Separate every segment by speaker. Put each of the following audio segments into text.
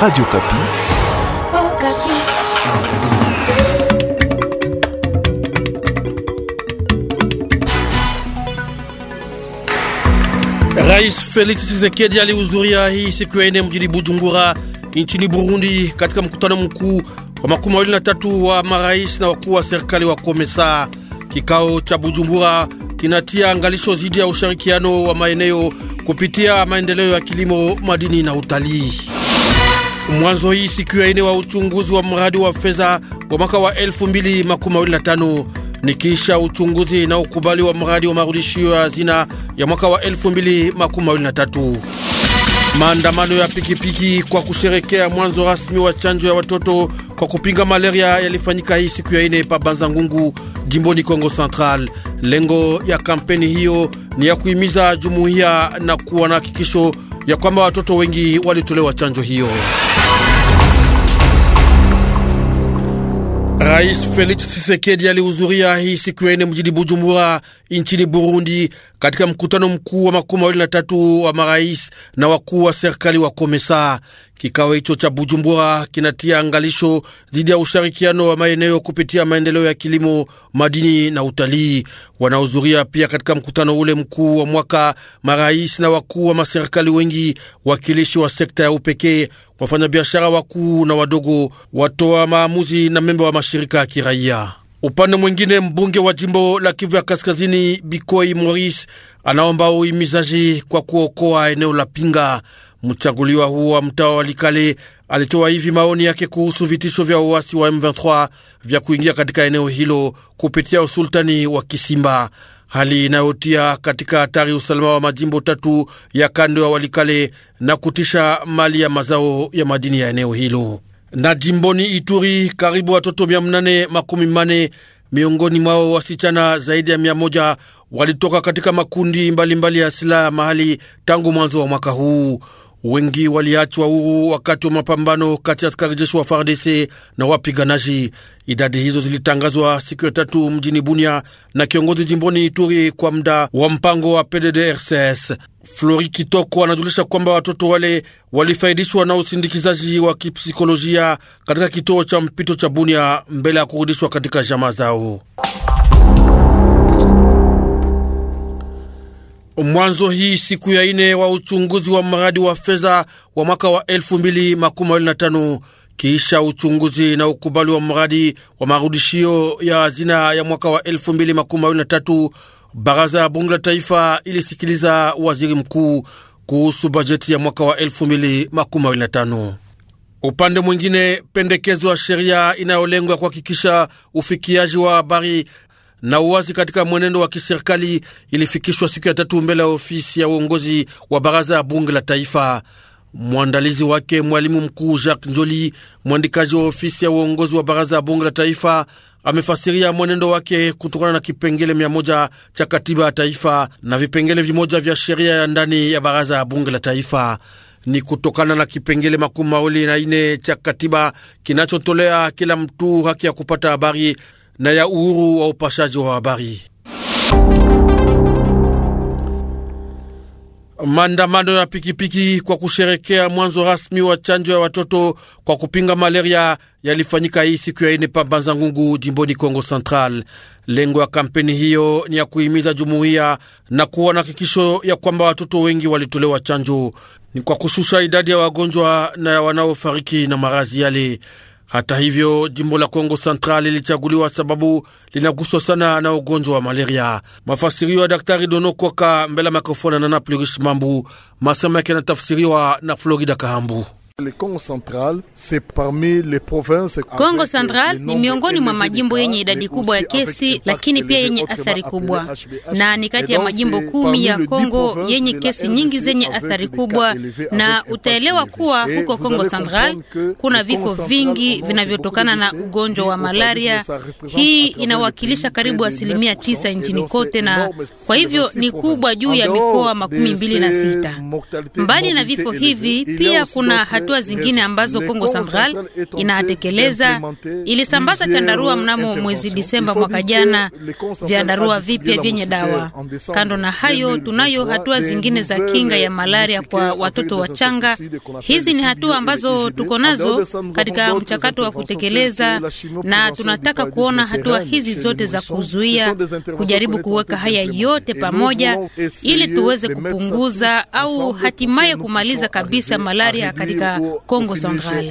Speaker 1: Radio Kapi. Oh, Kapi. Rais Felix Tshisekedi alihudhuria hii siku ya ine mjini Bujumbura nchini Burundi katika mkutano mkuu wa makumi mawili na tatu wa marais na wakuu wa serikali wa Komesa. Kikao cha Bujumbura kinatia angalisho dhidi ya ushirikiano wa maeneo kupitia maendeleo ya kilimo, madini na utalii. Mwanzo hii siku ya ine wa uchunguzi wa mradi wa fedha wa mwaka wa 2025 ni kisha uchunguzi na ukubali wa mradi wa marudishio ya hazina ya mwaka wa 2023. Maandamano ya pikipiki kwa kusherekea mwanzo rasmi wa chanjo ya watoto kwa kupinga malaria yalifanyika hii siku ya ine pa Banza Ngungu, jimboni Kongo Central. Lengo ya kampeni hiyo ni ya kuhimiza jumuiya na kuwa na hakikisho ya kwamba watoto wengi walitolewa chanjo hiyo. Rais Felix Tshisekedi alihudhuria hii siku ya ine mjini Bujumbura nchini Burundi katika mkutano mkuu wa makumi mawili na tatu wa marais na wakuu wa serikali wa Komesa. Kikao hicho cha Bujumbura kinatia angalisho dhidi ya ushirikiano wa maeneo kupitia maendeleo ya kilimo, madini na utalii. Wanahudhuria pia katika mkutano ule mkuu wa mwaka marais na wakuu wa maserikali wengi, wakilishi wa sekta ya upekee, wafanyabiashara wakuu na wadogo, watoa maamuzi na memba wa mashirika ya kiraia. Upande mwingine, mbunge wa jimbo la Kivu ya Kaskazini Bikoi Moris anaomba uhimizaji kwa kuokoa eneo la Pinga. Mchaguliwa huo wa mtaa wa Walikale alitoa hivi maoni yake kuhusu vitisho vya uasi wa M23 vya kuingia katika eneo hilo kupitia usultani wa Kisimba, hali inayotia katika hatari usalama wa majimbo tatu ya kando ya Walikale na kutisha mali ya mazao ya madini ya eneo hilo. Na jimboni Ituri, karibu watoto mia makumi mane miongoni mwao wasichana zaidi ya mia moja walitoka katika makundi mbalimbali mbali ya silaha mahali tangu mwanzo wa mwaka huu wengi waliachwa huru wakati wa mapambano kati ya askari jeshi wa FARDC na wapiganaji. Idadi hizo zilitangazwa siku ya tatu mjini Bunia na kiongozi jimboni Ituri kwa muda wa mpango wa PDDRCS. Flori Kitoko anajulisha kwamba watoto wale walifaidishwa na usindikizaji wa kipsikolojia katika kituo cha mpito cha Bunia mbele ya kurudishwa katika jamaa zao. mwanzo hii siku ya ine wa uchunguzi wa mradi wa fedha wa mwaka wa 2025 kisha uchunguzi na ukubali wa mradi wa marudishio ya hazina ya mwaka wa 2023 baraza ya bunge la taifa ilisikiliza waziri mkuu kuhusu bajeti ya mwaka wa 2025. Upande mwingine, pendekezo ya sheria inayolengwa kuhakikisha ufikiaji wa habari na uwazi katika mwenendo wa kiserikali ilifikishwa siku ya tatu mbele ya ofisi ya uongozi wa baraza ya bunge la taifa. Mwandalizi wake mwalimu mkuu Jacques Njoli, mwandikaji wa ofisi ya uongozi wa baraza ya bunge la taifa, amefasiria mwenendo wake kutokana na kipengele mia moja cha katiba ya taifa na vipengele vimoja vya sheria ya ndani ya baraza ya bunge la taifa ni kutokana na kipengele makumi mawili na ine cha katiba kinachotolea kila mtu haki ya kupata habari na ya uhuru wa upashaji wa habari. Maandamano ya pikipiki kwa kusherekea mwanzo rasmi wa chanjo ya watoto kwa kupinga malaria yalifanyika hii siku ya ine Pambanza Ngungu, jimboni Kongo Central. Lengo ya kampeni hiyo ni ya kuhimiza jumuiya na kuwa na hakikisho ya kwamba watoto wengi walitolewa chanjo, ni kwa kushusha idadi ya wagonjwa na ya wanaofariki na marazi yale. Hata hivyo, jimbo la Kongo Central lilichaguliwa sababu linaguswa sana na ugonjwa wa malaria. Mafasirio ya Daktari Dono Kwaka mbele ya mikrofoni na Nana Plurish Mambu, masema yake yanatafsiriwa na Florida Kahambu. Le Congo Central, Congo
Speaker 2: Central ni miongoni mwa majimbo yenye idadi kubwa ya kesi lakini pia yenye athari kubwa, na ni kati ya majimbo kumi ya Kongo yenye kesi nyingi zenye athari kubwa, na utaelewa kuwa huko Kongo Central kuna vifo vingi vinavyotokana na ugonjwa wa malaria. Hii inawakilisha karibu asilimia tisa nchini kote, na kwa hivyo ni kubwa juu ya ah, mikoa makumi mbili na sita. Mbali na vifo hivi, pia kuna hatua zingine ambazo Kongo Central inatekeleza. Ilisambaza chandarua mnamo mwezi Disemba mwaka jana, vyandarua vipya vyenye dawa. Kando na hayo, tunayo hatua zingine za kinga ya malaria kwa watoto wachanga. Hizi ni hatua ambazo tuko nazo katika mchakato wa kutekeleza, na tunataka kuona hatua hizi zote za kuzuia, kujaribu kuweka haya yote pamoja ili tuweze kupunguza au hatimaye kumaliza kabisa malaria katika Kongo Central.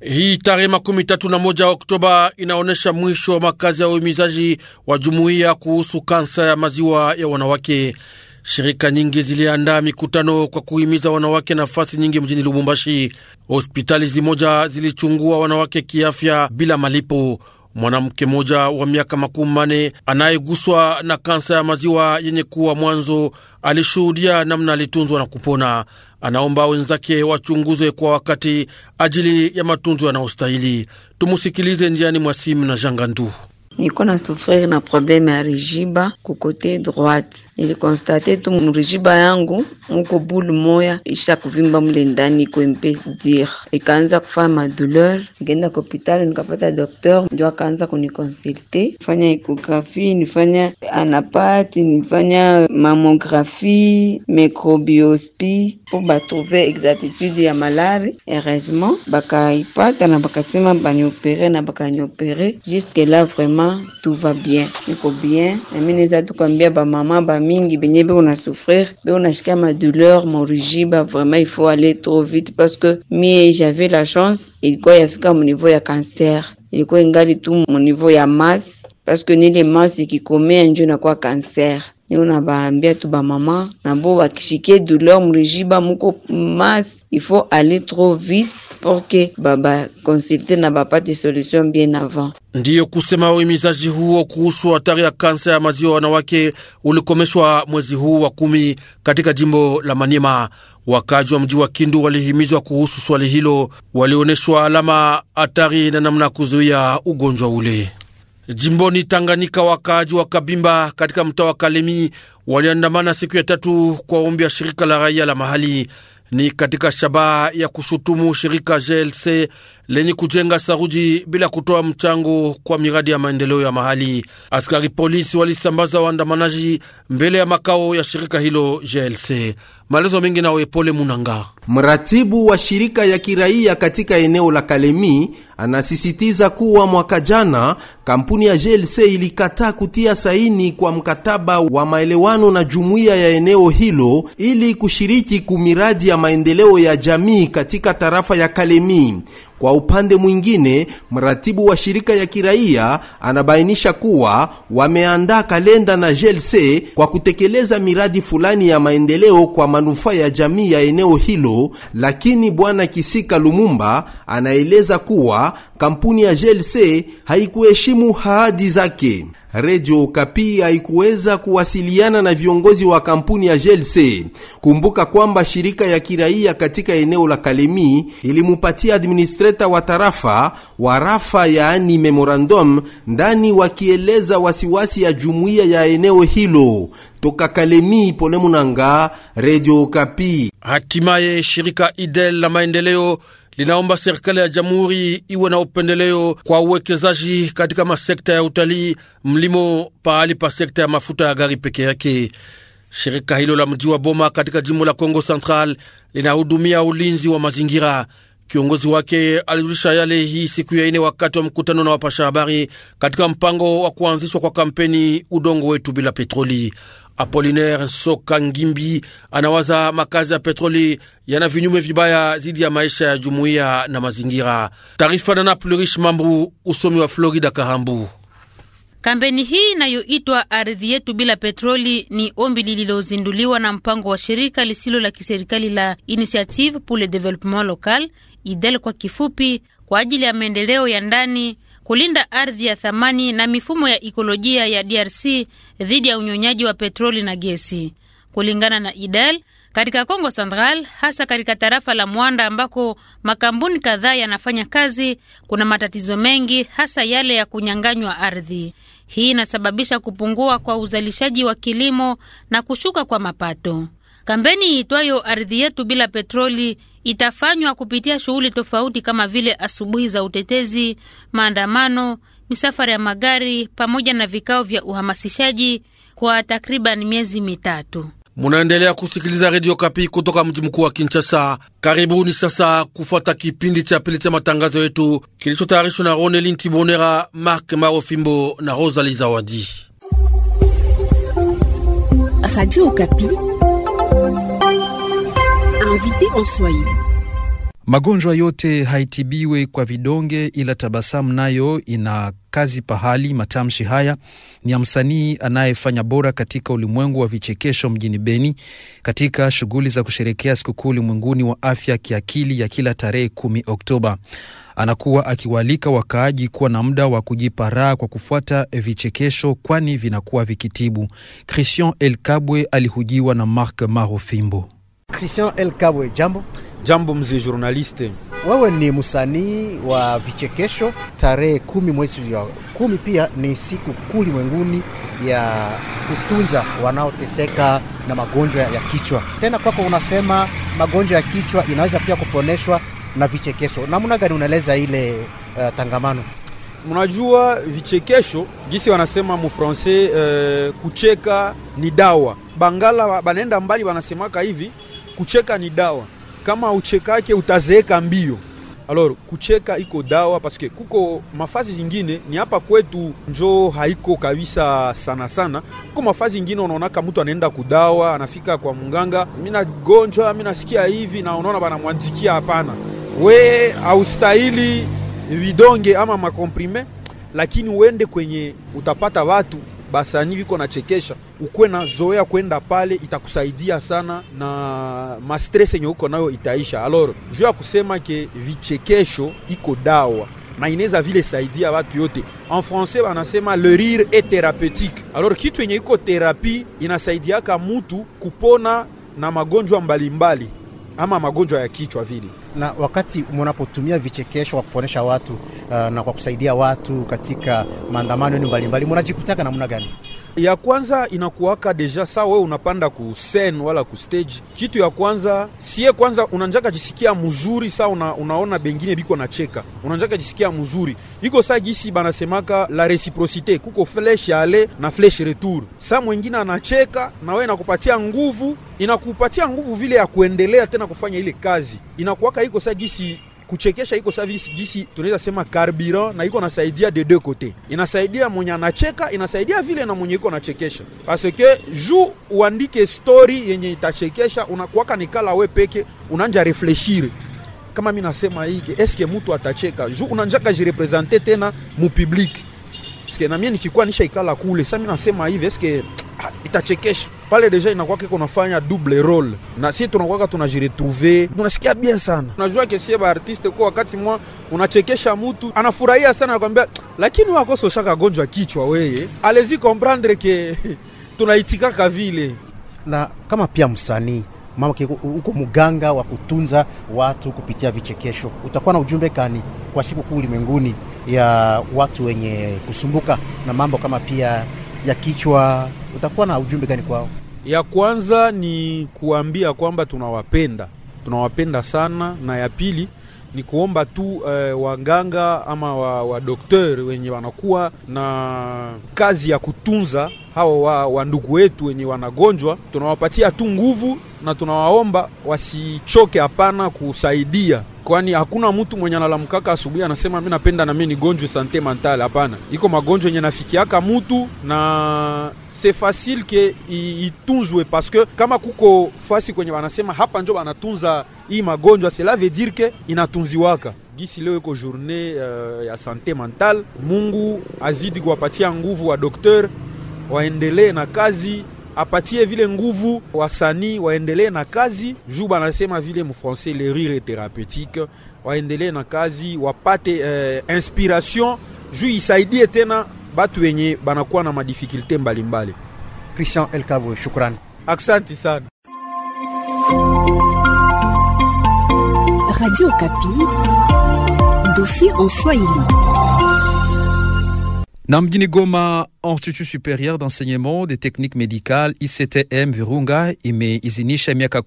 Speaker 1: Hii tarehe makumi tatu na moja Oktoba inaonyesha mwisho wa makazi ya uhimizaji wa jumuiya kuhusu kansa ya maziwa ya wanawake. Shirika nyingi ziliandaa mikutano kwa kuhimiza wanawake nafasi nyingi mjini Lubumbashi. Hospitali zimoja zilichungua wanawake kiafya bila malipo mwanamke mmoja wa miaka makumi mane anayeguswa na kansa ya maziwa yenye kuwa mwanzo alishuhudia namna alitunzwa na kupona. Anaomba wenzake wachunguzwe kwa wakati ajili ya matunzo yanayostahili. Tumusikilize njiani mwa simu na jangandu.
Speaker 3: Niko na souffrir na probleme ya rigiba kukote droite, nilikonstate tu mrigiba yangu muko bulu moya isha kuvimba mule ndani, iko impedir, ikaanza kufanya madouleur. Nikaenda ku hopitali nikapata docteur ndio akaanza kunikonsulte, fanya ekografi, nifanya anapati, nifanya mamografi, microbiospi po batrouve exactitude ya malari. Heureusement bakaipata na bakasema baniopere na bakaniopere jusque la vraiment tout va bien, niko bien nami neza suis bien. Je benye be ma be bien. Je suis vraiment il faut aller trop vite parce que suis j'avais la chance bien. mon niveau ya cancer suis tout mon niveau ya masse, parce que Je un jour na quoi cancer niko na baambia tu bamama nabo bakishike douleur mregi bamuko mas il faut aller trop vite pour que babakonsulte na bapate solution bien avant.
Speaker 1: Ndiyo kusema uhimizaji huo kuhusu hatari ya kansa ya maziwa wanawake ulikomeshwa mwezi huu wa kumi katika jimbo la Manima. Wakaji wa mji wa Kindu walihimizwa kuhusu swali hilo, walioneshwa alama hatari na namna kuzuia ugonjwa ule. Jimboni Tanganyika, wakaaji wa Kabimba katika mtaa wa Kalemi waliandamana siku ya tatu kwa ombi ya shirika la raia la mahali, ni katika shabaha ya kushutumu shirika GLC lenye kujenga saruji bila kutoa mchango kwa miradi ya maendeleo ya mahali. Askari polisi walisambaza waandamanaji mbele ya makao ya shirika hilo jlc Maelezo mengi na Wepole Munanga,
Speaker 4: mratibu wa shirika ya kiraia katika eneo la Kalemi, anasisitiza kuwa mwaka jana kampuni ya jlc ilikataa kutia saini kwa mkataba wa maelewano na jumuiya ya eneo hilo ili kushiriki kumiradi ya maendeleo ya jamii katika tarafa ya Kalemi. Kwa upande mwingine, mratibu wa shirika ya kiraia anabainisha kuwa wameandaa kalenda na GLC kwa kutekeleza miradi fulani ya maendeleo kwa manufaa ya jamii ya eneo hilo, lakini bwana Kisika Lumumba anaeleza kuwa kampuni ya glc haikuheshimu ahadi zake. Redio Okapi haikuweza kuwasiliana na viongozi wa kampuni ya GLC. Kumbuka kwamba shirika ya kiraia katika eneo la Kalemi ilimupatia administrator wa tarafa wa rafa, yaani memorandum ndani, wakieleza wasiwasi ya jumuiya ya eneo
Speaker 1: hilo. Toka Kalemi, Pole Munanga, Redio Okapi. Hatimaye shirika Idel la maendeleo linaomba serikali ya jamhuri iwe na upendeleo kwa uwekezaji katika masekta ya utalii, mlimo, pahali pa sekta ya mafuta ya gari peke yake. Shirika hilo la mji wa Boma katika jimbo la congo Central linahudumia ulinzi wa mazingira. Kiongozi wake alirudisha yale hii siku ya ine wakati wa mkutano na wapasha habari katika mpango wa kuanzishwa kwa kampeni udongo wetu bila petroli. Apolinaire Soka Ngimbi anawaza makazi ya petroli yana vinyume vibaya dhidi ya maisha ya jumuiya na mazingira. Taarifa na Plurish Mambu, usomi wa Florida Kahambu.
Speaker 2: Kampeni hii inayoitwa ardhi yetu bila petroli ni ombi lililozinduliwa na mpango wa shirika lisilo la kiserikali la Initiative pour le Developpement Local, IDEL kwa kifupi, kwa ajili ya maendeleo ya ndani kulinda ardhi ya thamani na mifumo ya ikolojia ya DRC dhidi ya unyonyaji wa petroli na gesi. Kulingana na IDEL, katika congo Central, hasa katika tarafa la Mwanda ambako makampuni kadhaa yanafanya kazi, kuna matatizo mengi, hasa yale ya kunyang'anywa ardhi. Hii inasababisha kupungua kwa uzalishaji wa kilimo na kushuka kwa mapato. Kampeni iitwayo ardhi yetu bila petroli itafanywa kupitia shughuli tofauti kama vile asubuhi za utetezi, maandamano, misafara ya magari pamoja na vikao vya uhamasishaji kwa takriban miezi mitatu.
Speaker 1: Munaendelea kusikiliza redio Kapi kutoka mji mkuu wa Kinshasa. Karibuni sasa kufuata kipindi cha pili cha matangazo yetu kilichotayarishwa na Ronelin Tibonera, Mark Marofimbo na Rosalie Zawadi.
Speaker 5: Radio Kapi. Invité
Speaker 6: en Swahili. Magonjwa yote haitibiwi kwa vidonge, ila tabasamu nayo ina kazi pahali. Matamshi haya ni ya msanii anayefanya bora katika ulimwengu wa vichekesho mjini Beni, katika shughuli za kusherekea sikukuu ulimwenguni wa afya kiakili ya kila tarehe kumi Oktoba. Anakuwa akiwaalika wakaaji kuwa na muda wa kujipa raha kwa kufuata vichekesho, kwani vinakuwa vikitibu. Christian Elkabwe alihujiwa na Mark Marofimbo.
Speaker 7: Christian El Kabwe, jambo. Jambo mzee
Speaker 8: journaliste.
Speaker 7: Wewe ni msanii wa vichekesho. Tarehe kumi mwezi wa kumi pia ni siku kuli mwenguni ya kutunza wanaoteseka na magonjwa ya kichwa. Tena kwako unasema magonjwa ya kichwa inaweza pia kuponeshwa na vichekesho. Namna gani unaeleza ile uh, tangamano?
Speaker 8: Mnajua vichekesho jinsi wanasema mufrancais, uh, eh, kucheka ni dawa. Bangala banaenda mbali, wanasemaka hivi kucheka ni dawa. Kama uchekake utazeeka mbio. Alors kucheka iko dawa paske kuko mafazi zingine ni hapa kwetu njo haiko kabisa sana sana. Kuko mafazi ingine unaonaka mtu anaenda kudawa, anafika kwa munganga, mimi gonjwa, mimi nasikia hivi, na unaona banamwandikia hapana, we haustahili vidonge ama makomprime, lakini uende kwenye utapata watu basani viko nachekesha, ukuwe na zoea kwenda pale, itakusaidia sana na mastress yenye uko nayo itaisha. Alors juu ya kusema ke vichekesho iko dawa na inaweza vile saidia watu yote. En français wanasema le rire est thérapeutique. Alors kitu yenye iko therapie inasaidiaka mutu kupona na magonjwa mbalimbali mbali, ama magonjwa ya kichwa vile
Speaker 7: na wakati mnapotumia vichekesho kwa kuponesha watu uh, na kwa kusaidia watu katika maandamano mbalimbali, mnajikutaka namna gani?
Speaker 8: ya kwanza inakuwaka deja saa wewe unapanda ku scene wala ku stage, kitu ya kwanza sie kwanza unanjaka jisikia mzuri saa una, unaona bengine biko na cheka, unanjaka jisikia mzuri iko saa gisi banasemaka la reciprocite, kuko flesh ya ale na flesh retour. Saa mwengine anacheka na wewe nakupatia nguvu, inakupatia nguvu vile ya kuendelea tena kufanya ile kazi, inakuwaka iko saa gisi kuchekesha iko service jisi tunaweza sema carburant, na iko nasaidia de deux côtés, inasaidia mwenye anacheka, inasaidia vile na mwenye iko nachekesha, parce que ju uandike story yenye itachekesha, unakuwaka nikala we peke unanja reflechire kama mi nasema hiki, eske mutu atacheka ju unanjaka jirepresente tena mu public Parce na mimi nikikuwa ikala kule, sasa mimi nasema hivi est-ce que itachekesha pale deja inakuwa kiko nafanya double role na sisi tunakuwa tunajiretrouver, tunasikia bien sana. Unajua kesie ba artiste kwa wakati mwa unachekesha mtu anafurahia sana, anakuambia lakini wakoso shaka gonjwa kichwa eh? wewe, alezi comprendre ke ka vile, na kama
Speaker 7: pia msanii mama uko muganga wa kutunza watu kupitia vichekesho, utakuwa na ujumbe kani kwa siku kuu ulimwenguni ya watu wenye kusumbuka na mambo kama pia ya kichwa, utakuwa na ujumbe gani kwao?
Speaker 8: Ya kwanza ni kuambia kwamba tunawapenda, tunawapenda sana, na ya pili ni kuomba tu eh, waganga ama wadokter wa wenye wanakuwa na kazi ya kutunza hawa wandugu wa wetu wenye wanagonjwa, tunawapatia tu nguvu na tunawaomba wasichoke, hapana kusaidia kwani hakuna mtu mwenye analamkaka asubuhi anasema mi napenda nami nigonjwe sante mentale. Hapana, iko magonjwa yenye nafikiaka mutu na se facile ke itunzwe paske kama kuko fasi kwenye wanasema hapa njo wanatunza hii magonjwa, cela veut dire ke inatunziwaka gisi leo iko journée uh, ya sante mentale. Mungu azidi kuwapatia nguvu wa docteur waendelee na kazi apatie vile nguvu wasanii waendelee na kazi juu ville mon français, le rire thérapeutique, waendelee na kazi wapate eh, inspiration juu isaidie tena batu wenye banakuwa na madifikulte mbalimbali. Christian Elkabo Shukran. Accent sana.
Speaker 5: Radio Kapi, dossier en Swahili.
Speaker 6: Na Goma, Institut supérieur d'Enseignement des Techniques Médicales ICTM Virunga mes IZINI,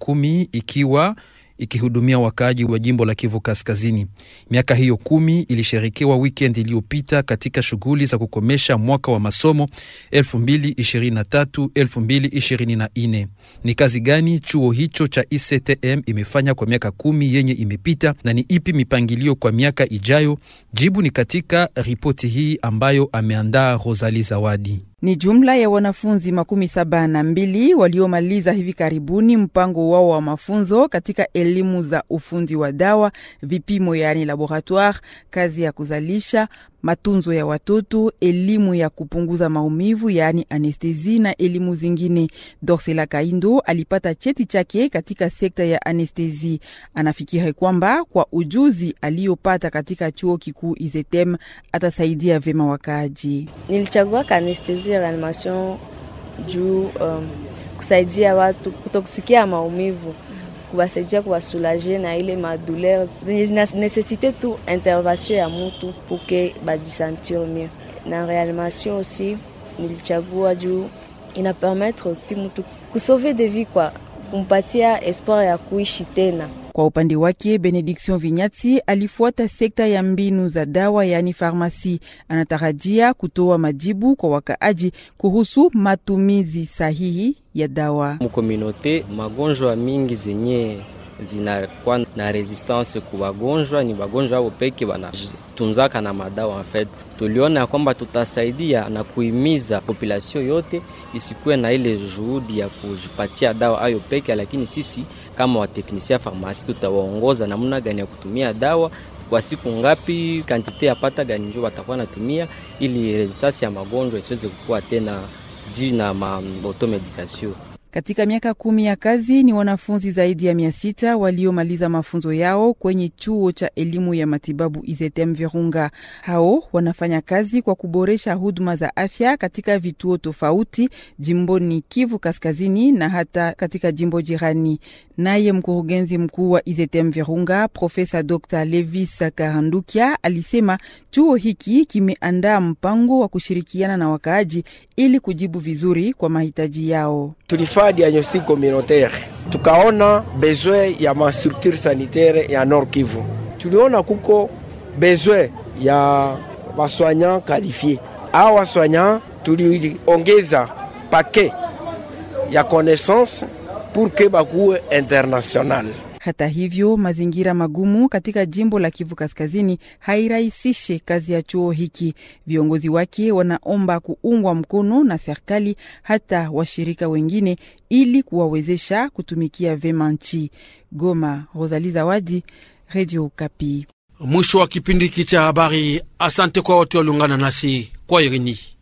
Speaker 6: kumi ikiwa ikihudumia wakaaji wa jimbo la Kivu Kaskazini. Miaka hiyo kumi ilisherekewa wikendi iliyopita katika shughuli za kukomesha mwaka wa masomo 2023-2024. Ni kazi gani chuo hicho cha ICTM imefanya kwa miaka kumi yenye imepita na ni ipi mipangilio kwa miaka ijayo? Jibu ni katika ripoti hii ambayo ameandaa Rosali Zawadi.
Speaker 5: Ni jumla ya wanafunzi makumi saba na mbili waliomaliza hivi karibuni mpango wao wa mafunzo katika elimu za ufundi wa dawa, vipimo yaani laboratoire, kazi ya kuzalisha matunzo ya watoto, elimu ya kupunguza maumivu yaani anestezi na elimu zingine. Dorsela Kaindo alipata cheti chake katika sekta ya anestesi. Anafikiri kwamba kwa ujuzi aliyopata katika chuo kikuu Izetem atasaidia vyema wakaaji.
Speaker 3: Nilichagua anestezi ya reanimation juu um, kusaidia watu kutokusikia maumivu, kuwasaidia bah, bah, kuwasulage na ile madouleur zenye nécessité tu intervention ya mutu puke bajisentir mieux. Na reanimation aussi nilichagua juu ina permettre aussi mutu kusauve de vie kwa kumpatia espoir ya kuishi tena.
Speaker 5: Kwa upande wake, Benediction Vinyati alifuata sekta ya mbinu za dawa, yaani farmasi. Anatarajia kutoa majibu kwa wakaaji kuhusu matumizi sahihi ya dawa
Speaker 7: mukominote. Magonjwa mingi zenye zinakuwa na resistance ku wagonjwa, ni wagonjwa wao peke wanatunzaka na madawa. En fait tuliona ya kwamba tutasaidia na kuhimiza population yote isikuwe na ile juhudi ya kujipatia dawa ayo peke, lakini sisi kama wateknisia farmasi tutawaongoza namna gani ya kutumia dawa kwa siku ngapi, kantite ya pata gani njo watakuwa natumia, ili resistance ya magonjwa isiweze kukua tena jina na
Speaker 6: automedication
Speaker 5: katika miaka kumi ya kazi ni wanafunzi zaidi ya mia sita waliomaliza mafunzo yao kwenye chuo cha elimu ya matibabu IZM Virunga. Hao wanafanya kazi kwa kuboresha huduma za afya katika vituo tofauti jimboni Kivu Kaskazini na hata katika jimbo jirani. Naye mkurugenzi mkuu wa IZM Virunga Profesa Dr Levis Karandukia alisema chuo hiki kimeandaa mpango wa kushirikiana na wakaaji ili kujibu vizuri kwa mahitaji
Speaker 4: yao Tulifa diagnostic communautaire, a besoin ya structure sanitaire ya Nord Kivu. Tuliona kuko besoin ya soignant, qualifié. a waswanya, tuliongeza paquet ya connaissance pour que bakuwe international
Speaker 5: Hata hivyo, mazingira magumu katika jimbo la Kivu Kaskazini hairahisishe kazi ya chuo hiki. Viongozi wake wanaomba kuungwa mkono na serikali, hata washirika wengine, ili kuwawezesha kutumikia vema nchi. Goma, Rosali Zawadi, Radio Kapi.
Speaker 1: Mwisho wa kipindi hiki cha habari. Asante kwa wote waliungana nasi kwa irini.